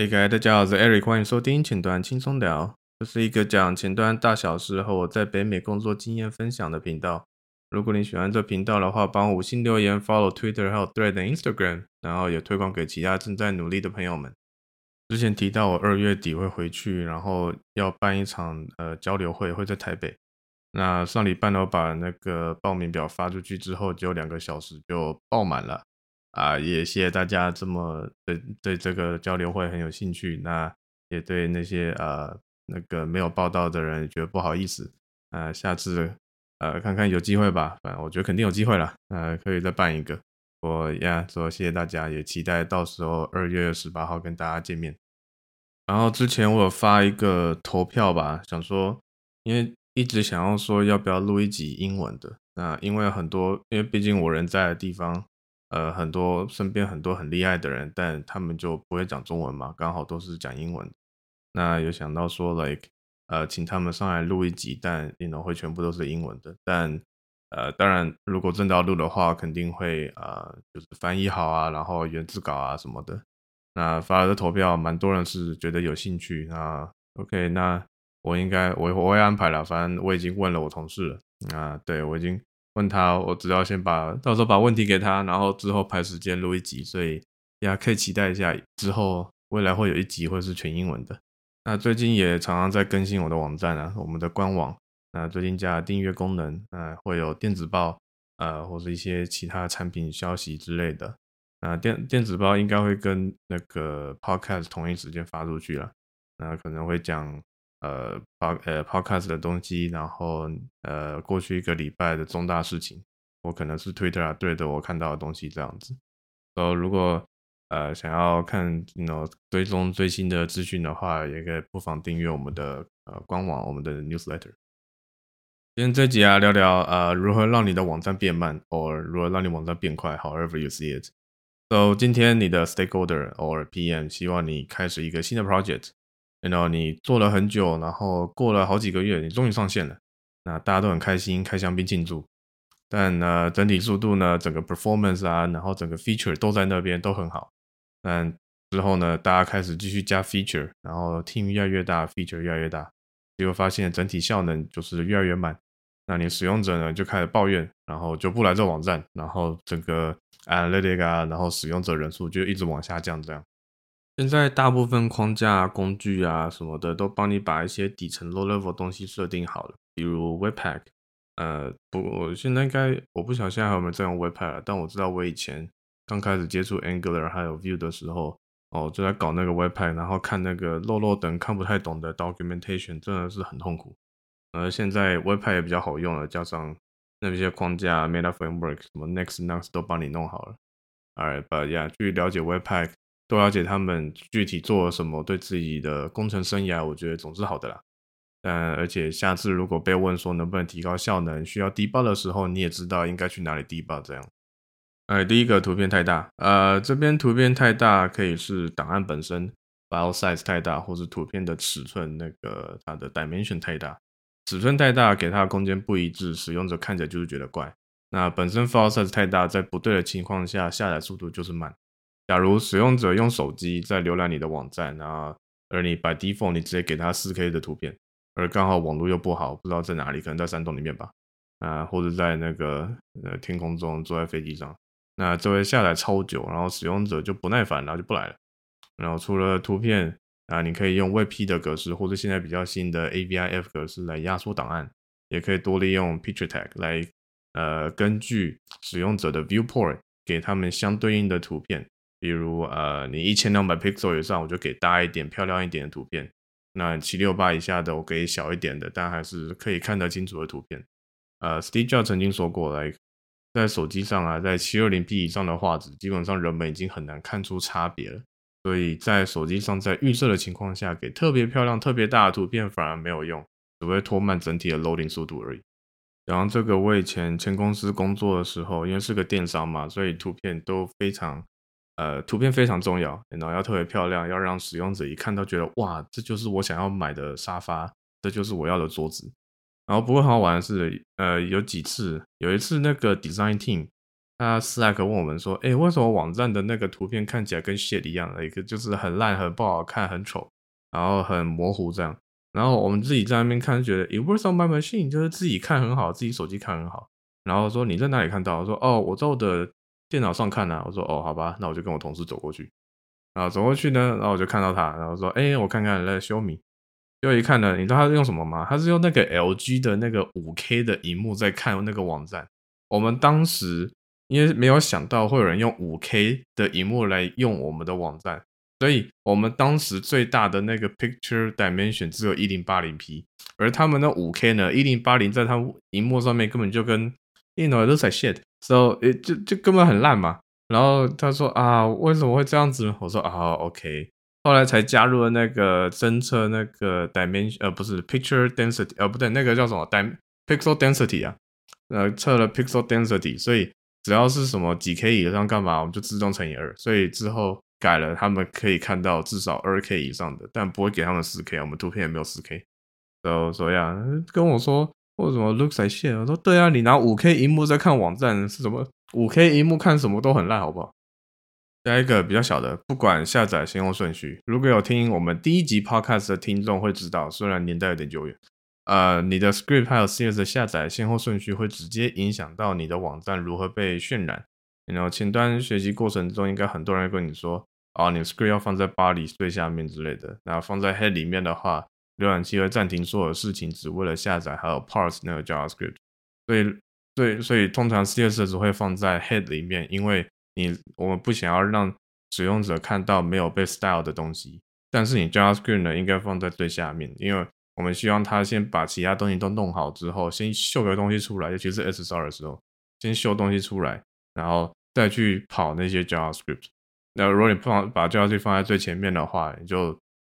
Hey guys，大家好，我是 Eric，歡迎收聽前端輕鬆聊。這是一個講前端大小事和我在北美工作經驗分享的頻道。如果你喜歡這頻道的話，幫我五星留言、follow Twitter、還有 Thread、Instagram，然後也推廣給其他正在努力的朋友們。之前提到我二月底會回去，然後要辦一場呃交流會，會在台北。那上禮拜呢，我把那個報名表發出去之後，就兩個小時就爆滿了。啊、呃，也謝謝大家這麼對對這個交流會很有興趣。那也對那些呃那個沒有報名的人也覺得不好意思啊、呃，下次呃看看有機會吧，反正我覺得肯定有機會了呃，可以再辦一個。我呀說謝謝大家，也期待到時候二月十八號跟大家見面。然後之前我有發一個投票吧，想說因為一直想要說要不要錄一集英文的，那因為很多因為畢竟我人在的地方。呃，很多身邊很多很厲害的人，但他們就不會講中文嘛，剛好都是講英文。那有想到說，like，呃，請他們上來錄一集，但內容 you know, 會全部都是英文的。但呃，當然，如果真的要錄的話，肯定會呃就是翻譯好啊，然後原字稿啊什麼的。那發了個投票，蠻多人是覺得有興趣。那 OK，那我應該我我會安排了，反正我已經問了我同事了。啊，對我已經。問他，我只要先把到時候把問題給他，然後之後排時間錄一集，所以大家可以期待一下之後未來會有一集會是全英文的。那最近也常常在更新我的網站啊，我們的官網。那最近加了訂閱功能，呃，會有電子報，呃，或是一些其他產品消息之類的。那電電子報應該會跟那個 podcast 同一時間發出去了。那可能會講。呃，pod 呃 podcast 的東西，然後呃過去一個禮拜的重大事情，我可能是 Twitter 啊對的，我看到的東西這樣子。So, 如果呃想要看那 you know, 追蹤最新的資訊的話，也可以不妨訂閱我們的呃官網，我們的 newsletter。今天這集啊聊聊呃如何讓你的網站變慢，or 如何讓你網站變快，however you see it。So 今天你的 stakeholder or PM 希望你開始一個新的 project。然後 you know, 你做了很久，然後過了好幾個月，你終於上線了。那大家都很開心，開香檳慶祝。但呢、呃，整體速度呢，整個 performance 啊，然後整個 feature 都在那邊都很好。但之後呢，大家開始繼續加 feature，然後 team 越來越大，feature 越來越大，結果發現整體效能就是越來越慢。那你使用者呢就開始抱怨，然後就不來這網站，然後整個 analytic 啊，然後使用者人數就一直往下降這樣。現在大部分框架、工具啊什麼的，都幫你把一些底層 low level 東西設定好了，比如 webpack。呃，不，我現在應該我不曉得現在還有沒有在用 webpack，但我知道我以前剛開始接觸 Angular 還有 Vue 的時候，哦，就在搞那個 webpack，然後看那個 low low 等看不太懂的 documentation，真的是很痛苦、呃。而現在 webpack 也比較好用了，加上那些框架 Meta Framework，什麼 Next、Nuxt 都幫你弄好了。Alright，but yeah, 去了解 webpack。都了解他們具體做了什麼，對自己的工程生涯，我覺得總是好的啦。嗯，而且下次如果被問說能不能提高效能，需要低報的時候，你也知道應該去哪裡低報這樣。哎、呃，第一個圖片太大，呃，這邊圖片太大，可以是檔案本身 file size 太大，或是圖片的尺寸那個它的 dimension 太大，尺寸太大給它的空間不一致，使用者看着就是覺得怪。那本身 file size 太大，在不對的情況下下載速度就是慢。假如使用者用手機在瀏覽你的網站，然後而你 by default 你直接給他 4K 的圖片，而剛好網絡又不好，不知道在哪裡，可能在山洞裡面吧，啊、呃，或者在那個呃天空中，坐在飛機上，那這會下載超久，然後使用者就不耐煩，然後就不來了。然後除了圖片，啊、呃，你可以用 WebP 的格式，或者現在比較新的 AVIF 格式來壓縮檔案，也可以多利用 Picture Tag 來，呃，根據使用者的 Viewport 給他們相對應的圖片。比如呃，你一千兩百 pixel 以上，我就給大一點、漂亮一點的圖片；那七六八以下的，我給小一點的，但還是可以看得清楚的圖片。呃，Steve Jobs 曾經說過，來，在手機上啊，在七二零 P 以上的畫質，基本上人們已經很難看出差別了。所以在手機上，在預設的情況下，給特別漂亮、特別大的圖片反而沒有用，只會拖慢整體的 loading 速度而已。然後這個我以前前公司工作的時候，因為是個電商嘛，所以圖片都非常。呃，圖片非常重要，然後 you know, 要特別漂亮，要讓使用者一看到覺得哇，這就是我想要買的沙發，這就是我要的桌子。然後不過好玩的是，呃，有幾次，有一次那個 design team，他私下問我們說，哎，為什麼網站的那個圖片看起來跟 shit 一樣，一個就是很爛、很不好看、很醜，然後很模糊這樣。然後我們自己在那邊看，覺得 it works on my machine，就是自己看很好，自己手機看很好。然後說你在哪裡看到？說哦，我做的。電腦上看呢、啊，我說哦，好吧，那我就跟我同事走過去。啊，走過去呢，然後我就看到他，然後說，哎，我看看 let's show me。結果一看呢，你知道他是用什麼嗎？他是用那個 LG 的那個五 K 的熒幕在看那個網站。我們當時因為沒有想到會有人用五 K 的熒幕來用我們的網站，所以我們當時最大的那個 Picture Dimension 只有一零八零 P，而他們的五 K 呢，一零八零在他熒幕上面根本就跟電腦都才 shit。所以，so, it, 就就根本很爛嘛。然後他說啊，為什麼會這樣子呢？我說啊，OK。後來才加入了那個偵測那個 dimension，呃，不是 picture density，呃，不對，那個叫什麼 dim，pixel density 啊，呃，測了 pixel density。所以只要是什麼幾 K 以上幹嘛，我們就自動乘以二。所以之後改了，他們可以看到至少 2K 以上的，但不會給他們 4K 啊，我們圖片也沒有 4K。so 所以啊，跟我說。或什麼 looks like shit，、啊、我說對啊，你拿五 K 螢幕在看網站是什麼？五 K 螢幕看什麼都很爛，好不好？下一個比較小的，不管下載先後順序。如果有聽我們第一集 podcast 的聽眾會知道，雖然年代有點久遠，呃，你的 script 和 CSS 的下載先後順序會直接影響到你的網站如何被渲染。然 you 後 know, 前端學習過程中，應該很多人會跟你說，啊、哦，你的 script 要放在 body 最下面之類的。然後放在 head 裡面的話。瀏覽器會暫停所有事情，只為了下載還有 parse 那個 JavaScript，所以，所以，所以通常 CSS 只會放在 head 裡面，因為你我們不想要讓使用者看到沒有被 style 的東西。但是你 JavaScript 呢應該放在最下面，因為我們希望它先把其他東西都弄好之後，先秀個東西出來，尤其是 SSR 的時候，先秀東西出來，然後再去跑那些 JavaScript。那如果你放把 JavaScript 放在最前面的話，你就。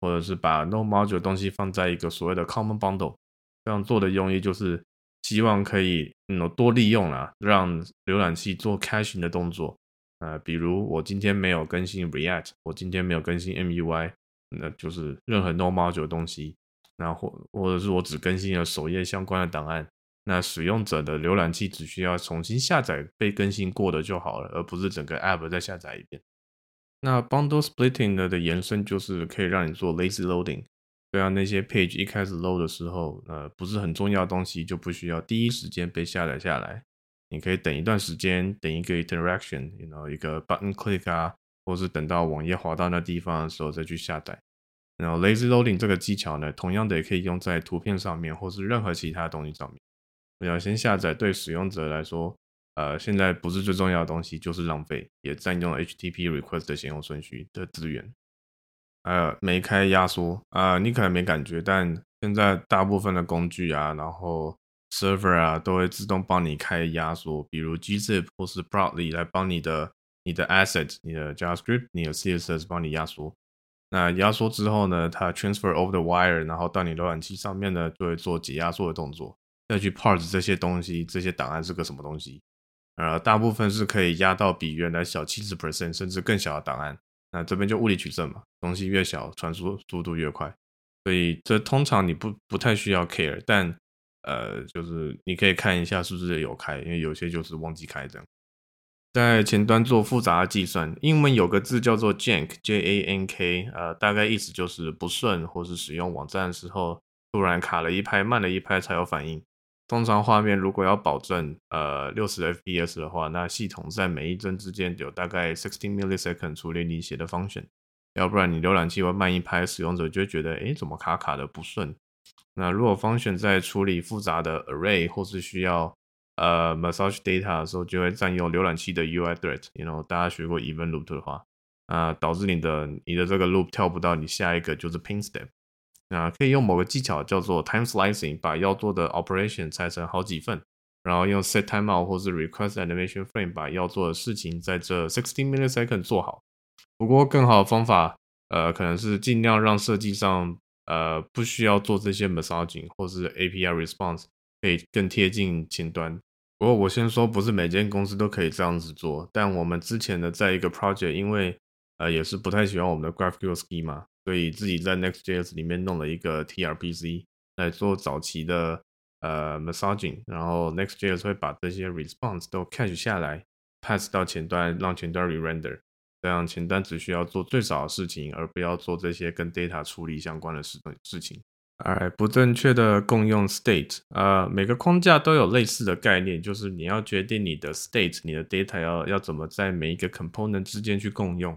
或者是把 node module 的東西放在一個所謂的 common bundle，這樣做的用意就是希望可以嗯多利用啦，讓瀏覽器做 caching 的動作。呃，比如我今天沒有更新 React，我今天沒有更新 MUI，那就是任何 node module 的東西。然後或，或者是我只更新了首頁相關的檔案，那使用者的瀏覽器只需要重新下載被更新過的就好了，而不是整個 app 再下載一遍。那 bundle splitting 的的延伸就是可以讓你做 lazy loading。對啊,那些 page 一開始 load 的時候，呃，不是很重要的東西就不需要第一時間被下載下來,你可以等一段時間，等一個 interaction，然後 you know, 一個 button click 啊，或是等到網頁滑到那地方的時候再去下載。然後 lazy loading 這個技巧呢，同樣的也可以用在圖片上面，或是任何其他東西上面。不要先下載，對使用者來說。呃，現在不是最重要的東西，就是浪費，也佔用 HTTP request 的先後順序的資源。呃，沒開壓縮啊，你可能沒感覺，但現在大部分的工具啊，然後 server 啊，都會自動幫你開壓縮。比如 gzip 或是 brotli 來幫你的、你的 asset、你的 JavaScript、你的 CSS 幫你壓縮。那壓縮之後呢，它 transfer over the wire，然後到你瀏覽器上面呢，就會做解壓縮的動作，再去 parse 這些東西，這些檔案是個什麼東西。呃，而大部分是可以壓到比原來小七十 percent，甚至更小的檔案。那這邊就物理取證嘛，東西越小，傳輸速度越快。所以這通常你不不太需要 care，但呃，就是你可以看一下是不是有開，因為有些就是忘記開的。在前端做複雜的計算，英文有個字叫做 jank，J-A-N-K，呃，大概意思就是不順，或是使用網站的時候突然卡了一拍，慢了一拍才有反應。通常畫面如果要保證呃六十 FPS 的話，那系統在每一幀之間有大概 sixteen milliseconds 處理你寫的 function，要不然你瀏覽器會慢一拍，使用者就會覺得哎，怎麼卡卡的不順。那如果 function 在處理複雜的 array 或是需要呃 massage data 的時候，就會佔用瀏覽器的 UI thread you。你 know 大家學過 event loop 的話，啊、呃、導致你的你的這個 loop 跳不到你下一個就是 paint step。啊，那可以用某個技巧叫做 time slicing，把要做的 operation 拆成好幾份，然後用 set timeout 或是 request animation frame 把要做的事情在這16 milliseconds 做好。不過更好的方法，呃，可能是盡量讓設計上，呃，不需要做這些 massaging 或是 API response，可以更貼近前端。不過我先說，不是每間公司都可以這樣子做。但我們之前的在一個 project，因為，呃，也是不太喜歡我們的 GraphQL schema。所以自己在 Next.js 裡面弄了一個 TRPC 來做早期的呃 massaging 然後 Next.js 會把這些 response 都 catch 下來，pass 到前端，讓前端 re-render，這樣前端只需要做最少的事情，而不要做這些跟 data 處理相關的事事情，而、right, 不正確的共用 state，呃，uh, 每個框架都有類似的概念，就是你要決定你的 state、你的 data 要要怎麼在每一個 component 之間去共用。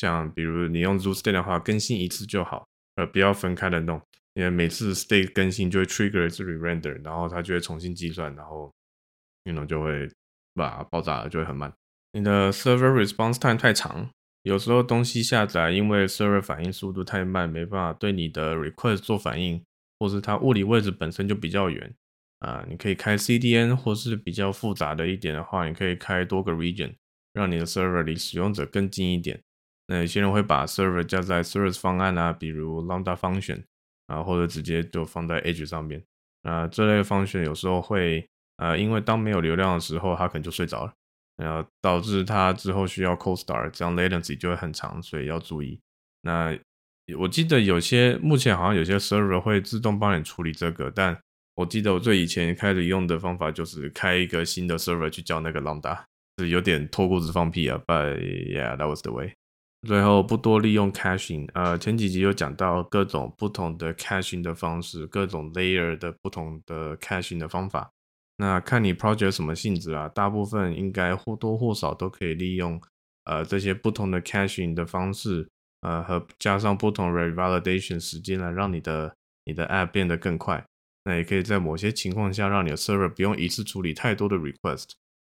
像比如你用 Zustand 的話，更新一次就好，呃，不要分開的弄，因為每次 State 更新就會 trigger 一次 re Render，然後它就會重新計算，然後運動 you know, 就會吧、啊，爆炸了，就會很慢。你的 Server Response Time 太長，有時候東西下載因為 Server 反應速度太慢，沒辦法對你的 Request 做反應，或是它物理位置本身就比較遠啊、呃，你可以開 CDN 或是比較複雜的一點的話，你可以開多個 Region，讓你的 Server 離使用者更近一點。那有些人會把 server 加在 service 方案啊，比如 lambda function 啊，或者直接就放在 edge 上面。啊、呃，這類的 function 有時候會，呃，因為當沒有流量的時候，它可能就睡着了，然後導致它之後需要 cold start，這樣 latency 就會很長，所以要注意。那我記得有些目前好像有些 server 會自動幫你處理這個，但我記得我最以前開始用的方法就是開一個新的 server 去叫那個 lambda，是有點脫褲子放屁啊，but yeah that was the way。最後不多利用 caching，呃，前幾集有講到各種不同的 caching 的方式，各種 layer 的不同的 caching 的方法。那看你 project 什麼性質啊，大部分應該或多或少都可以利用呃這些不同的 caching 的方式，呃和加上不同 revalidation 時間來讓你的你的 app 變得更快。那也可以在某些情況下讓你的 server 不用一次處理太多的 request。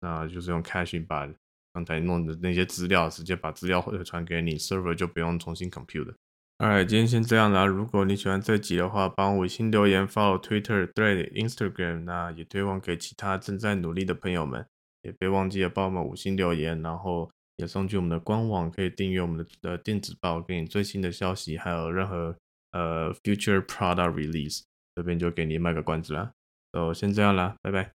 那就是用 caching 把剛才弄的那些資料直接把資料傳給你 server 就不用重新 compute 了。Alright，今天先這樣啦。如果你喜歡這集的話，幫五星留言，follow Twitter, Thread, Instagram，那也推廣給其他正在努力的朋友們。也別忘記了幫我們五星留言，然後也送去我們的官網，可以訂閱我們的電子報，給你最新的消息，還有任何呃 future product release。這邊就給你賣個關子啦，就、so, 先這樣啦，拜拜。